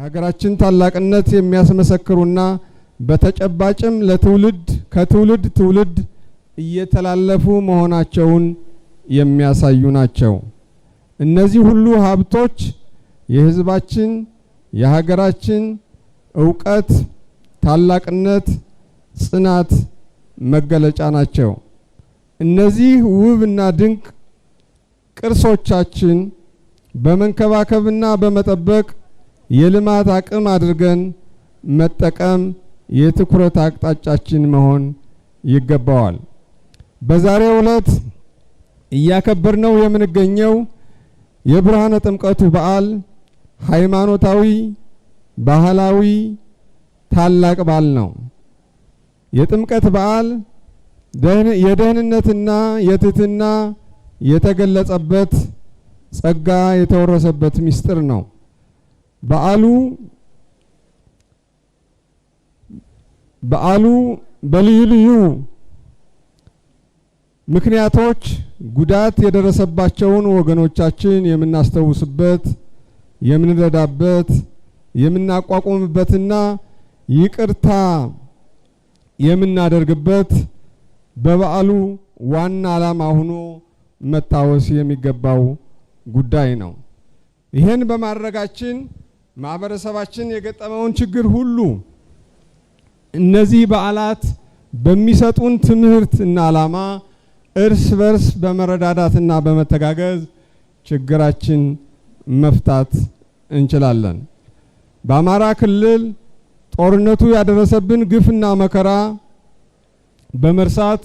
የሀገራችን ታላቅነት የሚያስመሰክሩና በተጨባጭም ለትውልድ ከትውልድ ትውልድ እየተላለፉ መሆናቸውን የሚያሳዩ ናቸው። እነዚህ ሁሉ ሀብቶች የህዝባችን፣ የሀገራችን እውቀት፣ ታላቅነት፣ ጽናት መገለጫ ናቸው። እነዚህ ውብና ድንቅ ቅርሶቻችን በመንከባከብና በመጠበቅ የልማት አቅም አድርገን መጠቀም የትኩረት አቅጣጫችን መሆን ይገባዋል። በዛሬው ዕለት እያከበርነው የምንገኘው የብርሃነ ጥምቀቱ በዓል ሃይማኖታዊ፣ ባህላዊ ታላቅ በዓል ነው። የጥምቀት በዓል የደህንነትና የትህትና የተገለጸበት ጸጋ የተወረሰበት ምስጢር ነው። በዓሉ በዓሉ በልዩ ልዩ ምክንያቶች ጉዳት የደረሰባቸውን ወገኖቻችን የምናስታውስበት፣ የምንረዳበት፣ የምናቋቁምበትና ይቅርታ የምናደርግበት በበዓሉ ዋና ዓላማ ሆኖ መታወስ የሚገባው ጉዳይ ነው። ይህን በማድረጋችን ማህበረሰባችን የገጠመውን ችግር ሁሉ እነዚህ በዓላት በሚሰጡን ትምህርት እና ዓላማ እርስ በርስ በመረዳዳትና በመተጋገዝ ችግራችን መፍታት እንችላለን። በአማራ ክልል ጦርነቱ ያደረሰብን ግፍና መከራ በመርሳት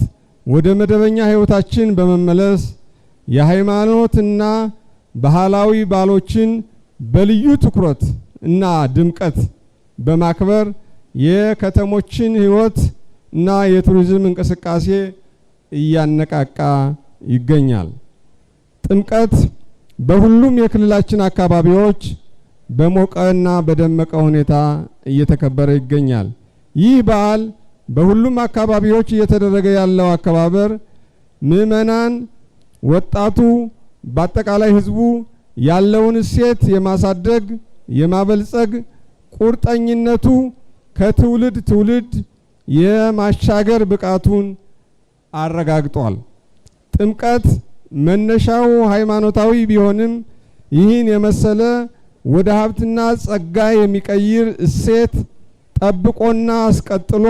ወደ መደበኛ ሕይወታችን በመመለስ የሃይማኖትና ባህላዊ ባሎችን በልዩ ትኩረት እና ድምቀት በማክበር የከተሞችን ህይወት እና የቱሪዝም እንቅስቃሴ እያነቃቃ ይገኛል። ጥምቀት በሁሉም የክልላችን አካባቢዎች በሞቀ እና በደመቀ ሁኔታ እየተከበረ ይገኛል። ይህ በዓል በሁሉም አካባቢዎች እየተደረገ ያለው አከባበር ምዕመናን፣ ወጣቱ፣ በአጠቃላይ ህዝቡ ያለውን እሴት የማሳደግ የማበልጸግ ቁርጠኝነቱ ከትውልድ ትውልድ የማሻገር ብቃቱን አረጋግጧል። ጥምቀት መነሻው ሃይማኖታዊ ቢሆንም ይህን የመሰለ ወደ ሀብትና ጸጋ የሚቀይር እሴት ጠብቆና አስቀጥሎ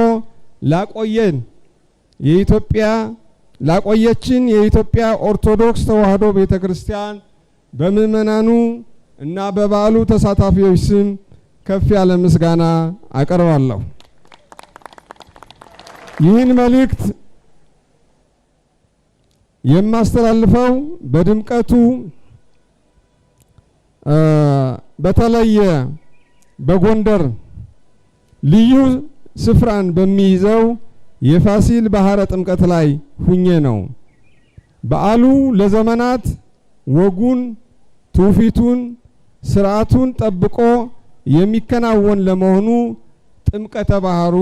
ላቆየን የኢትዮጵያ ላቆየችን የኢትዮጵያ ኦርቶዶክስ ተዋሕዶ ቤተ ክርስቲያን በምእመናኑ እና በበዓሉ ተሳታፊዎች ስም ከፍ ያለ ምስጋና አቀርባለሁ። ይህን መልእክት የማስተላልፈው በድምቀቱ በተለየ በጎንደር ልዩ ስፍራን በሚይዘው የፋሲል ባህረ ጥምቀት ላይ ሁኜ ነው። በዓሉ ለዘመናት ወጉን ትውፊቱን ስርዓቱን ጠብቆ የሚከናወን ለመሆኑ ጥምቀተ ባህሩ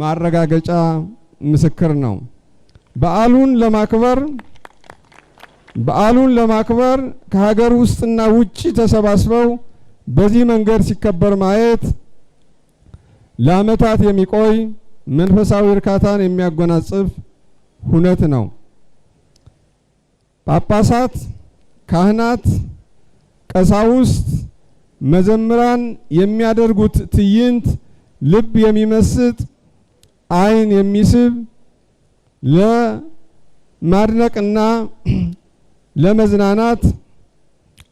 ማረጋገጫ ምስክር ነው። በዓሉን ለማክበር በዓሉን ለማክበር ከሀገር ውስጥና ውጭ ተሰባስበው በዚህ መንገድ ሲከበር ማየት ለዓመታት የሚቆይ መንፈሳዊ እርካታን የሚያጎናጽፍ ሁነት ነው። ጳጳሳት፣ ካህናት ቀሳውስት፣ መዘምራን የሚያደርጉት ትዕይንት ልብ የሚመስጥ ዓይን የሚስብ ለማድነቅና ለመዝናናት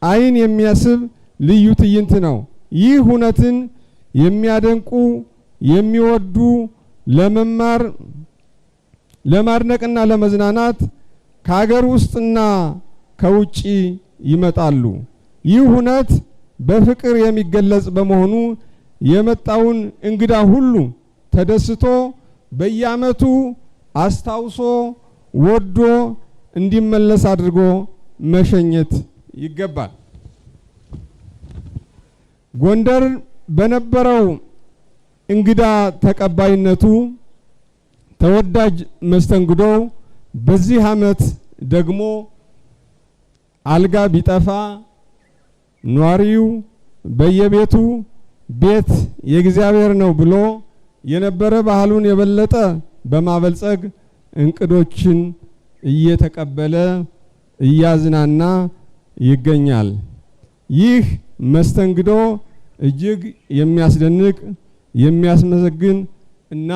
ዓይን የሚያስብ ልዩ ትዕይንት ነው። ይህ እውነትን የሚያደንቁ የሚወዱ ለመማር ለማድነቅና ለመዝናናት ከሀገር ውስጥና ከውጭ ይመጣሉ። ይህ ሁነት በፍቅር የሚገለጽ በመሆኑ የመጣውን እንግዳ ሁሉ ተደስቶ በየዓመቱ አስታውሶ ወዶ እንዲመለስ አድርጎ መሸኘት ይገባል። ጎንደር በነበረው እንግዳ ተቀባይነቱ ተወዳጅ መስተንግዶ በዚህ ዓመት ደግሞ አልጋ ቢጠፋ ኗሪው በየቤቱ ቤት የእግዚአብሔር ነው ብሎ የነበረ ባህሉን የበለጠ በማበልጸግ እንግዶችን እየተቀበለ እያዝናና ይገኛል። ይህ መስተንግዶ እጅግ የሚያስደንቅ የሚያስመሰግን እና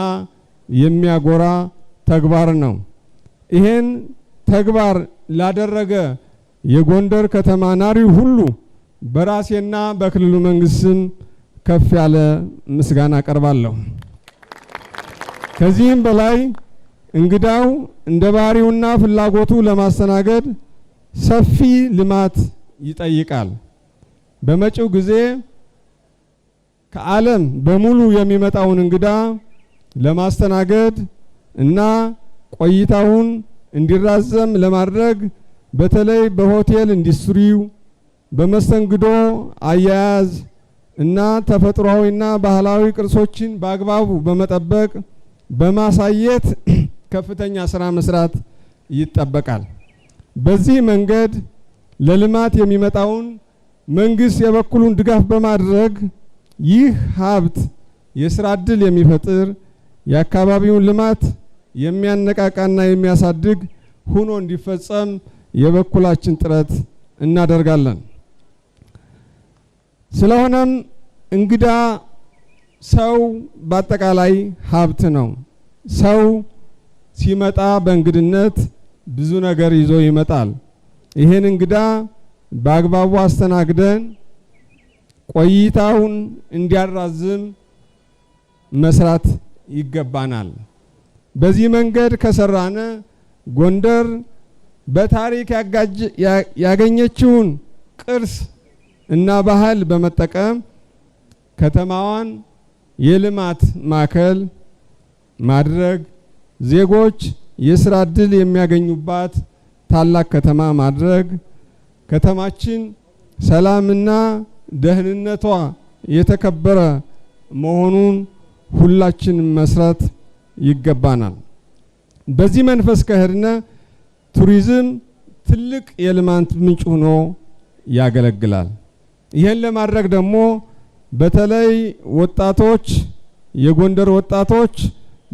የሚያጎራ ተግባር ነው። ይሄን ተግባር ላደረገ የጎንደር ከተማ ናሪ ሁሉ በራሴና በክልሉ መንግስት ስም ከፍ ያለ ምስጋና አቀርባለሁ። ከዚህም በላይ እንግዳው እንደ ባህሪውና ፍላጎቱ ለማስተናገድ ሰፊ ልማት ይጠይቃል። በመጪው ጊዜ ከዓለም በሙሉ የሚመጣውን እንግዳ ለማስተናገድ እና ቆይታውን እንዲራዘም ለማድረግ በተለይ በሆቴል ኢንዱስትሪው በመስተንግዶ አያያዝ እና ተፈጥሯዊና ባህላዊ ቅርሶችን በአግባቡ በመጠበቅ በማሳየት ከፍተኛ ስራ መስራት ይጠበቃል። በዚህ መንገድ ለልማት የሚመጣውን መንግስት የበኩሉን ድጋፍ በማድረግ ይህ ሀብት የስራ እድል የሚፈጥር የአካባቢውን ልማት የሚያነቃቃና የሚያሳድግ ሆኖ እንዲፈጸም የበኩላችን ጥረት እናደርጋለን። ስለሆነም እንግዳ ሰው በአጠቃላይ ሀብት ነው። ሰው ሲመጣ በእንግድነት ብዙ ነገር ይዞ ይመጣል። ይህን እንግዳ በአግባቡ አስተናግደን ቆይታውን እንዲያራዝም መስራት ይገባናል። በዚህ መንገድ ከሰራነ ጎንደር በታሪክ ያገኘችውን ቅርስ እና ባህል በመጠቀም ከተማዋን የልማት ማዕከል ማድረግ ዜጎች የስራ እድል የሚያገኙባት ታላቅ ከተማ ማድረግ ከተማችን ሰላምና ደህንነቷ የተከበረ መሆኑን ሁላችን መስራት ይገባናል። በዚህ መንፈስ ከሄድነ ቱሪዝም ትልቅ የልማት ምንጭ ሆኖ ያገለግላል። ይህን ለማድረግ ደግሞ በተለይ ወጣቶች፣ የጎንደር ወጣቶች፣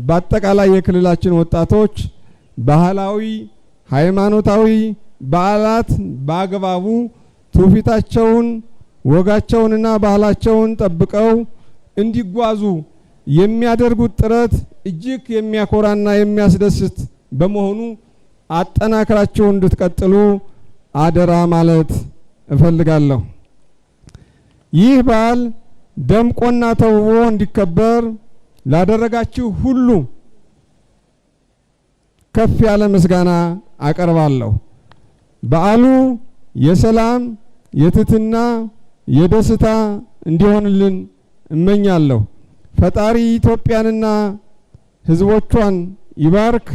በአጠቃላይ የክልላችን ወጣቶች ባህላዊ፣ ሃይማኖታዊ በዓላት በአግባቡ ትውፊታቸውን፣ ወጋቸውንና ባህላቸውን ጠብቀው እንዲጓዙ የሚያደርጉት ጥረት እጅግ የሚያኮራና የሚያስደስት በመሆኑ አጠናክራችሁ እንድትቀጥሉ አደራ ማለት እፈልጋለሁ። ይህ በዓል ደምቆና ተውቦ እንዲከበር ላደረጋችሁ ሁሉ ከፍ ያለ ምስጋና አቀርባለሁ። በዓሉ የሰላም፣ የትህትና፣ የደስታ እንዲሆንልን እመኛለሁ። ፈጣሪ ኢትዮጵያንና ሕዝቦቿን ይባርክ።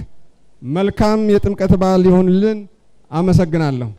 መልካም የጥምቀት በዓል ይሆንልን። አመሰግናለሁ።